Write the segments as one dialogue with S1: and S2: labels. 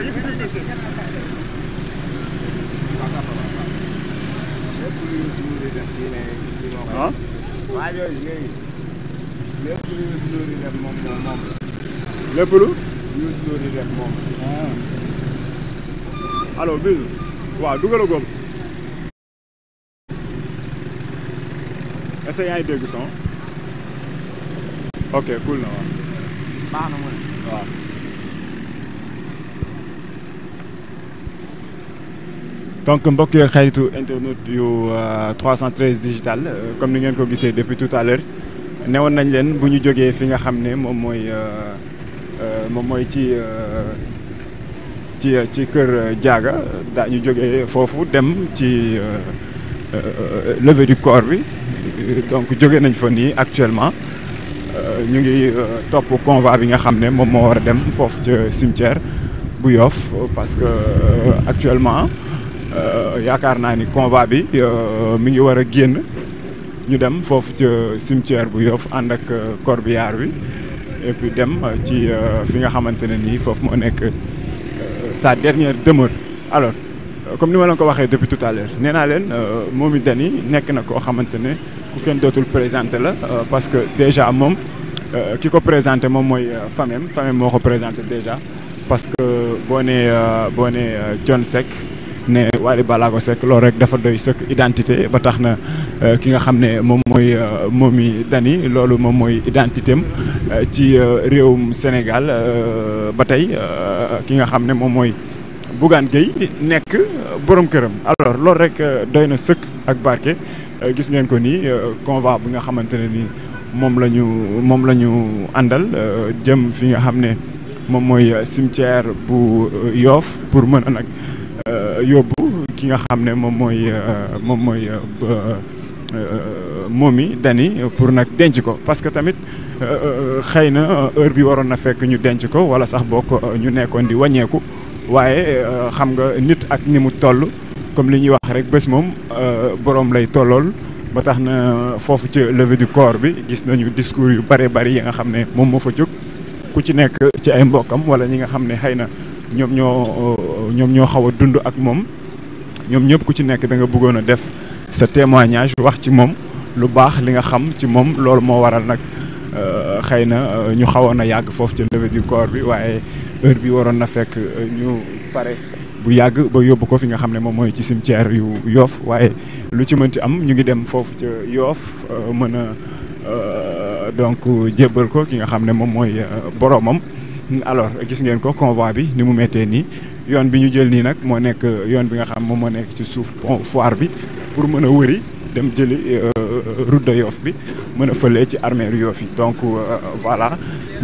S1: ah. waaw yooyu yooyu lépp lu ñu dulóor yi def moom moom moom la. lépp lu. ñu dulóor a góob. est-ce que yaa ngi donc mbokk xaritu internet yu 313 euh, digital euh, comme ni ngeen ko gisee depuis tout à l'heure newoon nañ leen bu ñu jógee fi nga xam ne moom mooy euh, moom mooy ci ci ci kër Diaga daa ñu jógee foofu dem ci levée du corps bi donc jóge nañ fa nii actuellement ñu ngi topp convoi bi nga xam ne moom moo war a dem foofu ca cimetière bu Yoff parce que actuellement Euh, yaakaar naa ni convoi bi euh, mi ngi war a génn ñu dem foofu ci ca cimetière bu Yoff ànd ak euh, corbillard bi et dem ci fi nga xamante ne nii foofu moo nekk sa dernière demeure. alors comme ni ma leen ko waxee depuis tout à l'heure nee naa leen moom it dani nekk na koo xamante ne ku kenn dootul présenté la parce que déjà moom ki ko présenté moom mooy famem famem moo ko présenté déjà parce que boo nee boo nee Thione Seck ne Wally Ballago Seck loolu rek dafa doy sëkk identité ba tax na euh, ki nga xam ne moom mooy euh, Momy Dany loolu moom mooy identité am euh, ci réewum Sénégal ba tey ki nga xam ne moom mooy Bougane Gueye nekk borom këram alors loolu rek doy na sëkk ak barke gis ngeen ko nii convoi bi nga xamante ne nii moom la ñu moom la ñu àndal jëm fi nga xam ne moom mooy cimetière bu yoof pour mën a nag Euh, yóbbu ki nga xam ne moom mooy euh, moom mooy euh, Momy Dany pour nag denc ko parce que tamit xëy na heure bi waroon na fekk ñu denc ko wala sax bokk ñu nekkoon di wàññeeku waaye xam nga nit ak ni mu toll comme li ñuy wax rek bés moom borom lay tollool ba tax na foofu ci levée du corps bi gis nañu discours yu bare bari yi nga xam ne moom moo fa jóg ku ci nekk ci ay mbokkam wala ñi nga xam ne xëy na. ñoom ñoo ñoom ñoo xaw a dund ak moom ñoom ñëpp ku ci nekk danga nga bëggoon a def sa témoignage wax ci moom lu baax li nga xam ci moom loolu moo waral nag euh, xëy na euh, ñu xawoon a yàgg foofu ci levée yu corps bi waaye heure bi waroon na fekk euh, ñu pare bu yàgg ba yóbbu ko fi nga xam ne moom mooy ci cimetière yu yoof waaye lu ci mënti am ñu ngi dem foofu ca yoof mën a donc jébbal ko ki nga xam ne moom mooy boroomam alors gis ngeen ko convoi bi ni mu méttee nii yoon bi ñu jël nii nag moo nekk euh, yoon bi nga xam moom moo nekk ci suuf pont foire bi pour mën a wëri dem jëli euh, euh, route de Yoff bi mën a fëlee ci armeeru yoof yi donc voilà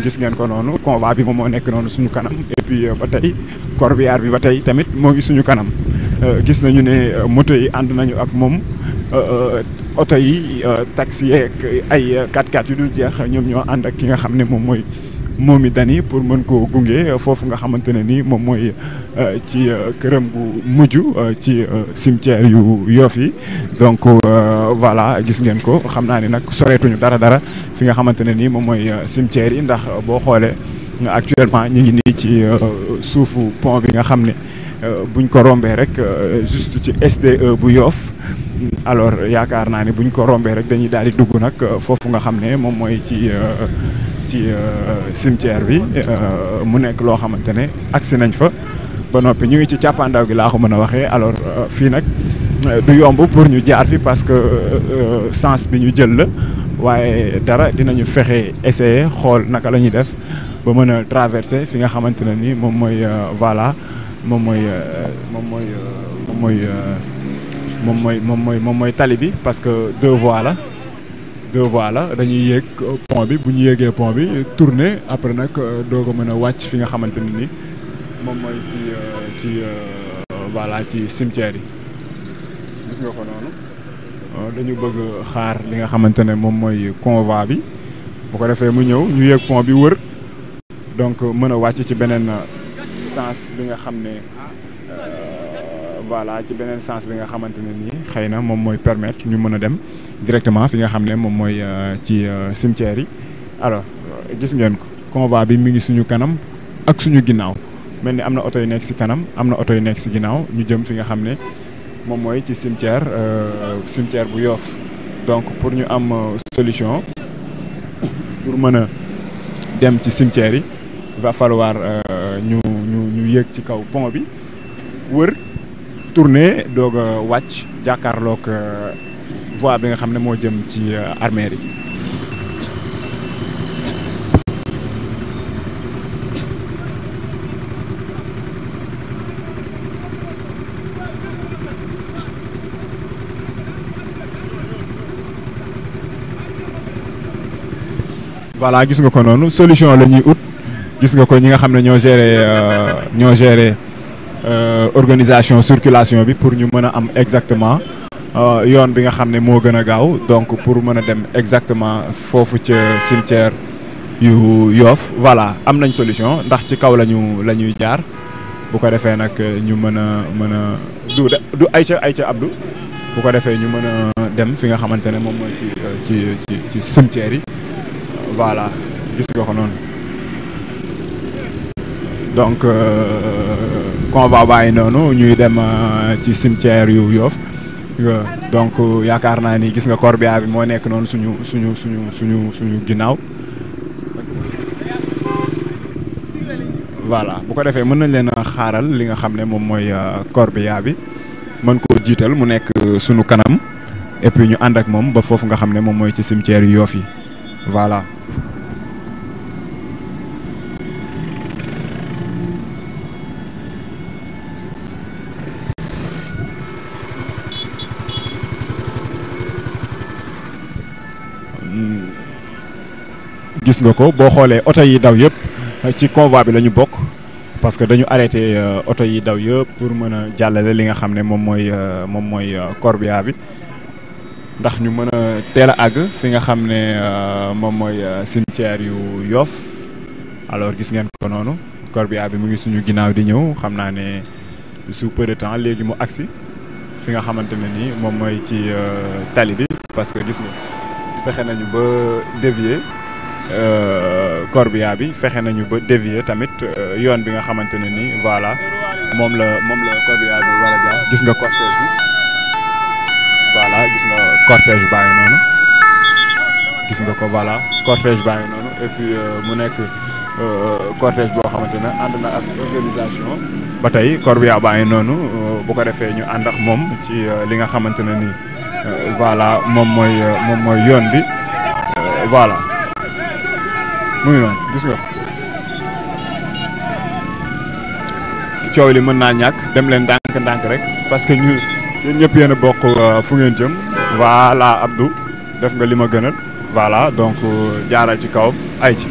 S1: gis ngeen ko noonu convoi bi moom moo nekk noonu suñu kanam et puis ba tey corbillard bi ba tey tamit moo gis suñu kanam gis nañu ne moto yi ànd nañu ak moom oto yi taxi yeeg ay 4x4 yu dul jeex ñoom ñoo ànd ak ki nga xam ne moom mooy moom Momy Dany pour mën koo gunge foofu nga xamante ne ni moom mooy euh, ci euh, këram gu mujj euh, ci cimetière yu Yoff yi donc voilà gis ngeen ko xam naa ni nag soreetuñu dara dara fi nga xamante ne ni moom mooy cimetière yi ndax boo xoolee actuellement ñu ngi nii ci suufu pont bi nga xam ne buñ ko rombee rek juste ci SDE bu Yoff alors yaakaar naa ne buñ ko rombee rek dañuy daal di dugg nag foofu nga xam ne moom mooy ci ci euh, cimetière bi euh, mu nekk loo xamante ne agsi nañ fa ba noppi ñu ngi ci càppaandaw gi laa ko mën a waxee alors euh, fii nag du yomb pour ñu jaar fi parce que sens bi ñu jël la waaye dara dinañu fexe essayer xool naka la ñuy def ba mën a traverser fi nga xamante ne ni moom mooy voilà moom mooy moom mooy moom moom mooy moom mooy moom mooy tali bi parce que deux voies la. deux voilà la dañuy yéeg pont bi bu ñu yéegee pont bi tourner après nag euh, doo ko mën a wàcc fi nga xamante ne ni moom mooy ci euh, ci euh, voilà ci cimetière yi gis nga ko noonu dañu bëgg xaar li nga xamante ne moom mooy convoi bi bu ko defee mu ñëw ñu yéeg pont bi wër donc mën a wàcc ci beneen sens bi nga xam ne voilà ci beneen sens bi nga xamante ne nii xëy na moom mooy permettre ñu mën a dem directement fi nga xam ne moom mooy euh, ci euh, cimetière yi alors euh, gis ngeen ko convoi bi mi ngi suñu kanam ak suñu ginnaaw mel ni am na oto yu nekk si kanam am na oto yu nekk si ginnaaw ñu jëm fi nga xam ne moom mooy ci cimetière cimetière bu Yoff donc pour ñu am solution pour mën a dem ci cimetière yi va falloir ñu ñu ñu yéeg ci kaw pont bi wër. tourné doog a wàcc jàkkaarloog euh, voie bi nga xam ne moo jëm ci euh, armée yi. voilà gis nga ko noonu solution la ñuy ut gis nga ko ñi nga xam ne ñoo gérer euh, ñoo gérer. Euh, organisation circulation bi pour ñu mën a am exactement euh, yoon bi nga xam ne moo gën a gaaw donc pour mën a dem exactement foofu ca cimetière yu yoof voilà am nañ solution ndax ci kaw lañu la ñuy jaar bu ko defee nag euh, ñu mën a mën a du ay du ay Aïcha Abdou bu ko defee ñu mën a dem fi nga xamante ne moom mooy ci ci ci ci cimetière yi voilà gis nga noonu donc. convoi baa yi noonu ñuy dem euh, ci cimetière yu Yoff donc yaakaar naa ni gis nga corbia bi moo nekk noonu suñu suñu suñu suñu suñu ginnaaw voilà bu ko defee mën nañ leen a xaaral li nga xam ne moom mooy euh, corbia bi mën koo jiital mu nekk euh, suñu kanam et ñu ànd ak moom ba foofu nga xam ne moom mooy ci cimetière yu yoof yi voilà gis nga ko boo xoolee oto yi daw yëpp mm. ci convoi bi la ñu bokk parce que dañu arrêté euh, oto yi daw yëpp pour mën a jàllale li nga xam ne moom mooy euh, moom mooy euh, corbia bi ndax ñu mën a teel a àgg fi nga xam ne moom mooy cimetière yu yoof alors gis ngeen ko noonu corbia bi mu ngi suñu ginnaaw di ñëw xam naa ne sous peu de temps léegi mu agsi fi nga xamante ne nii moom mooy ci tali bi parce que gis nga fexe nañu ba dévier Euh, corbillard bi fexe nañu ba dévier tamit euh, yoon bi nga xamante ne ni voilà moom la moom la corbillard bi gis nga cortège bi voilà gis nga cortège baa ngi noonu gis nga ko voilà cortège baa ngi noonu et puis euh, mu nekk cortège boo xamante ne ànd na ak organisation ba tey corbillard baa ngi noonu bu ko defee ñu ànd ak moom ci li nga xamante ne ni voilà moom moom mooy yoon bi voilà mu ngi noonu gis nga coow li mën naa ñàkk dem leen ndànk rek parce que ñëpp yéen bokk euh, fu ngeen jëm voilà Abdou nga li ma gënal voilà donc euh, jaaral ci kawam ay ci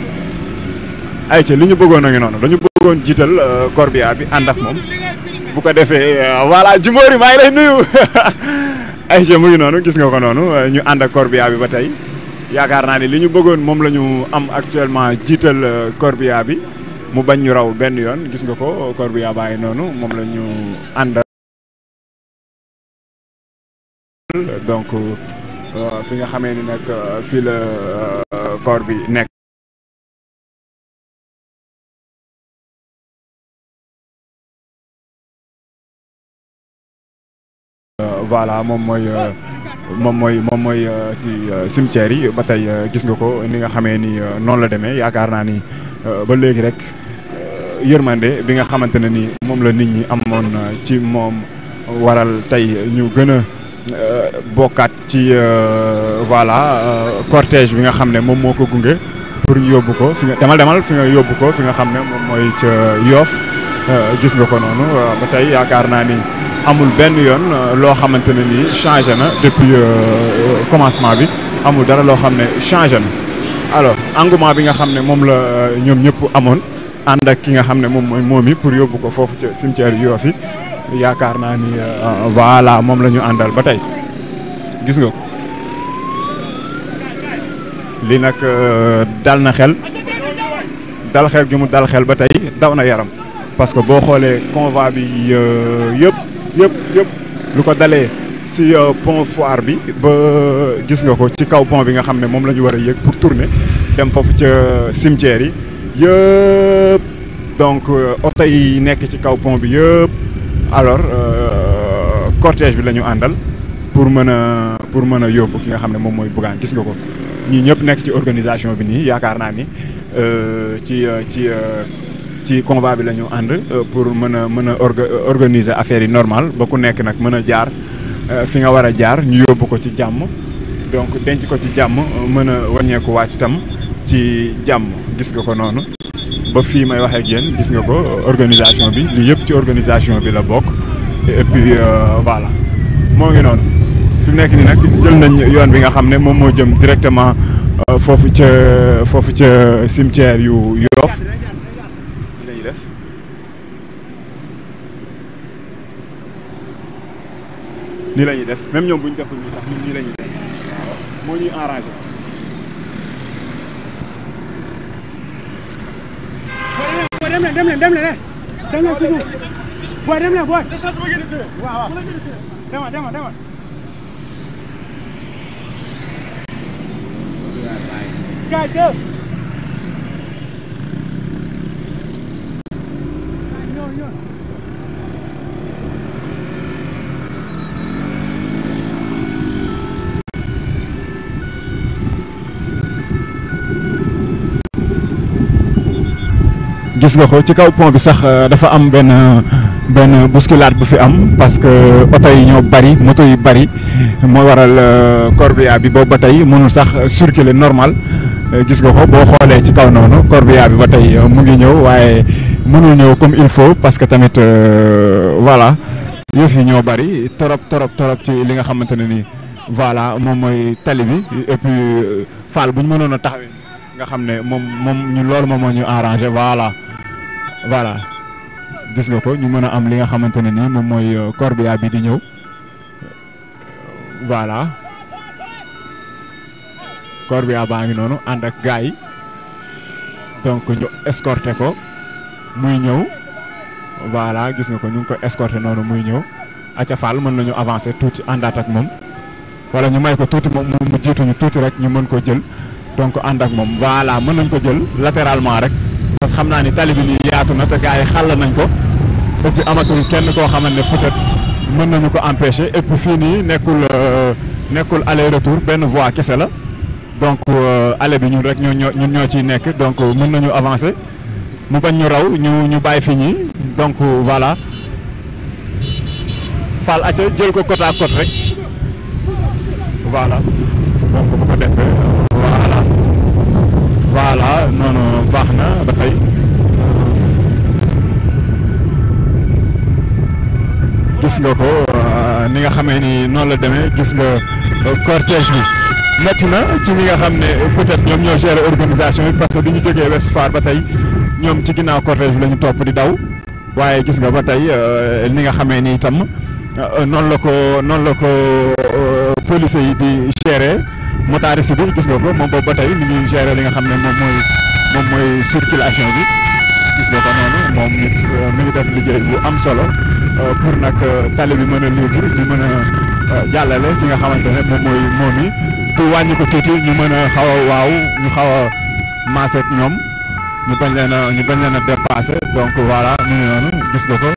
S1: ay li ñu bëggoon a noonu dañu jiital euh, corbia bi ànd ak moom ko defee voilà Djimbory noonu gis nga ko noonu ñu ànd ak corbia bi ba tey yaakaar naa ne li ñu bëggoon moom lañu am actuellement jiital euh, corbia bi mu bañ ñu raw benn yoon gis nga ko corbia bàyyi noonu moom lañu ñu àndal donc euh, fi nga xamee ni nag euh, fii la corps moom mooy moom mooy moom mooy euh, ci euh, cimetière yi ba tey euh, gis nga ko ni nga xamee ni noonu la demee yaakaar naa ni ba léegi rek yërmande bi nga xamante ne ni moom la nit ñi amoon ci moom waral tey ñu gën a bokkaat ci voilà cortége bi nga xam ne moom moo ko gunge pour ñu yóbbu ko fi nga demal demal fi nga yóbbu ko fi nga xam ne moom mooy ca Yoff gis nga ko noonu ba tey yaakaar naa ni. amul benn yoon euh, loo xamante ne nii changé na depuis euh, euh, commencement bi amul dara loo xam ne changé na alors engouement bi nga xam ne moom la ñoom ñëpp amoon ànd ak ki nga xam ne moom mooy moom yi pour yóbbu ko foofu ca cimetière Yoff yi yaakaar naa ni voilà moom la ñu àndal ba tey gis nga ko lii nag dal na xel dal xel gi mu dal xel ba tey daw na yaram parce que boo xoolee convoi bi yëpp. yëpp yëpp lu ko dalee si euh, pont foire bi ba gis nga ko ci kaw pont bi nga xam ne moom la ñu war a yéeg pour tourner dem foofu ca euh, cimetière yi yëpp donc euh, oto yi nekk ci kaw pont bi yëpp alors cortège bi la ñu àndal pour mën a pour mën a yóbbu ki nga xam ne moom mooy buggaan gis nga ko ñii ñëpp nekk ci organisation bi nii yaakaar naa ni ci ci. ci convoi bi la ñu ànd euh, pour mën a mën a euh, organiser affaire yi normal ba ku nekk nag mën a jaar euh, fi nga war a jaar ñu yóbbu ko ci jàmm donc denc ko ci jàmm mën a wàññeeku waat itam ci jàmm gis nga ko noonu ba fii may waxee ak yéen ko organisation bi lii yëpp ci organisation bi la bokk et puis moo ngi noonu fi mu nekk nii nag jël nañ yoon bi nga xam ne moom moo jëm directement foofu ca foofu ca cimetière yu Yoff nii la def même ñoom bu ñu nii sax def moo ñuy arrangé. boo dem leen dem leen dem leen eh. dem leen si suuf boo dem gis nga ko ci kaw pont bi sax euh, dafa am benn benn bousculade bu fi am parce que oto yi ñoo bari moto yi bari moo waral euh, corbillard bi boobu ba tey mënul sax circuler normal euh, gis nga ko boo xoolee ci kaw noonu corbillard bi ba tey mu ngi ñëw waaye mënul ñëw comme il faut parce que tamit voilà yëf yi ñoo bari torop torop torop ci li nga xamante ne nii voilà moom mooy tali bi et puis Fall bu ñu mënoon a taxawee nga xam ne moom moom ñu loolu moom moo ñu arrangé voilà. voilà gis nga ko ñu mën a am li nga xamante ne nii moom mooy euh, corbillard bi di ñëw voilà corbillard baa ngi noonu ànd ak gars yi donc ñu escorté ko muy ñëw voilà gis nga ko ñu ngi ko escorté noonu muy ñëw Aca Fall mën nañu avancer tuuti àndaat ak moom wala ñu may ko tuuti moom mu jiituñu tuuti rek ñu mën ko jël donc ànd ak moom voilà mën nañ ko jël latéralement rek. parce que xam naa ni tali bi nii yaatu na te gars yi xàll nañ ko et puis amatul kenn koo xamante ne peut-être mën nañu ko empêcher et puis fii nii nekkul euh, nekkul aller retour benn voie kese la donc euh, aller bi ñun rek ñoo ñoo ci nekk donc euh, mën nañu avancer mu bañ ñu raw ñu ñu bàyyi fi ñii donc voilà Fall acca jël ko côte à rek voilà donc bu ko defee nga ko euh, ni nga xamee ni noonu la demee gis nga euh, cortège bi métti na ci ñi nga xam ne peut-être ñoom ñoo gere organisation bi parce que bi ñu jógee Ouest ba tey ñoom ci ginnaaw cortège bi la ñu topp di daw waaye gis nga ba tey euh, ni nga xamee ni itam noonu la ko noonu la ko police yi di gérer motariste bi gis nga ko moom boobu ba tey mi ngi gérer li nga xam ne moom mooy moom mooy circulation bi gis nga ko noonu moom mi ngi def liggéey bu am solo. Euh, pour nag euh, tali bi mën a libre di mën a euh, jàllale ki nga xamante ne moom mooy moom yi te wàññi ko tuuti ñu mën a xaw a waaw ñu xaw a maase ñoom ñu bañ leen a ñu bañ leen a dépassé donc voilà ñu ngi noonu gis nga ko.